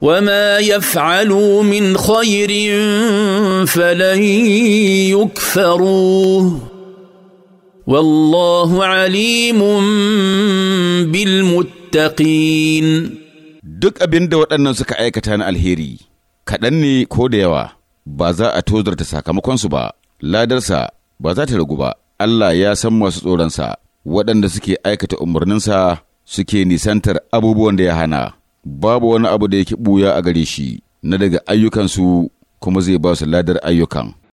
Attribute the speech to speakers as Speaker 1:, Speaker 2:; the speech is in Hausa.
Speaker 1: وما يفعلوا من خير فلن يكفروه والله عليم
Speaker 2: بالمتقين duk abin da waɗannan suka aikata na alheri kaɗan ne ko da yawa ba za a tozarta sakamakonsu ba ladarsa ba za ta ragu ba Allah ya san masu tsoronsa waɗanda suke aikata umarninsa suke nisantar abubuwan da ya hana babu wani abu da yake buya a gare shi na daga ayyukansu kuma zai ba su ladar ayyukan.